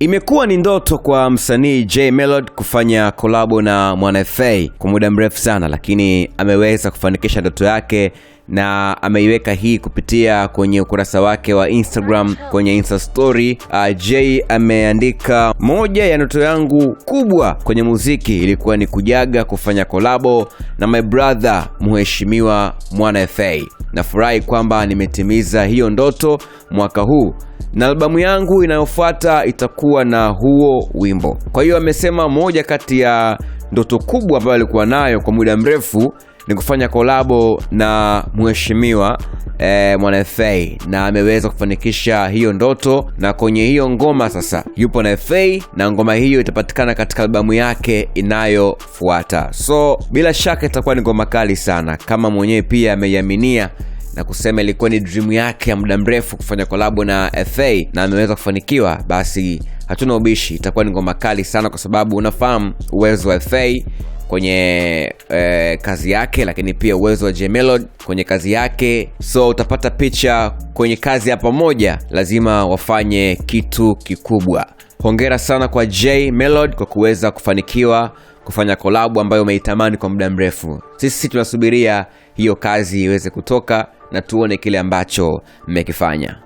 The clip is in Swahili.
Imekuwa ni ndoto kwa msanii j Melody kufanya kolabo na Mwana FA kwa muda mrefu sana, lakini ameweza kufanikisha ndoto yake na ameiweka hii kupitia kwenye ukurasa wake wa Instagram kwenye Insta story. Uh, J ameandika, moja ya ndoto yangu kubwa kwenye muziki ilikuwa ni kujaga kufanya kolabo na my brother mheshimiwa Mwana FA. Nafurahi kwamba nimetimiza hiyo ndoto mwaka huu na albamu yangu inayofuata itakuwa na huo wimbo. Kwa hiyo amesema moja kati ya ndoto kubwa ambayo alikuwa nayo kwa muda mrefu ni kufanya kolabo na mheshimiwa eh, Mwana FA na ameweza kufanikisha hiyo ndoto, na kwenye hiyo ngoma sasa yupo na FA na ngoma hiyo itapatikana katika albamu yake inayofuata. So bila shaka itakuwa ni ngoma kali sana, kama mwenyewe pia ameiaminia na kusema ilikuwa ni dream yake ya muda mrefu kufanya kolabo na FA na ameweza kufanikiwa, basi hatuna ubishi, itakuwa ni ngoma kali sana, kwa sababu unafahamu uwezo wa FA kwenye e, kazi yake, lakini pia uwezo wa Jmelod kwenye kazi yake, so utapata picha kwenye kazi ya pamoja, lazima wafanye kitu kikubwa. Hongera sana kwa J Melod kwa kuweza kufanikiwa kufanya kolabu ambayo umeitamani kwa muda mrefu. Sisi tunasubiria hiyo kazi iweze kutoka na tuone kile ambacho mmekifanya.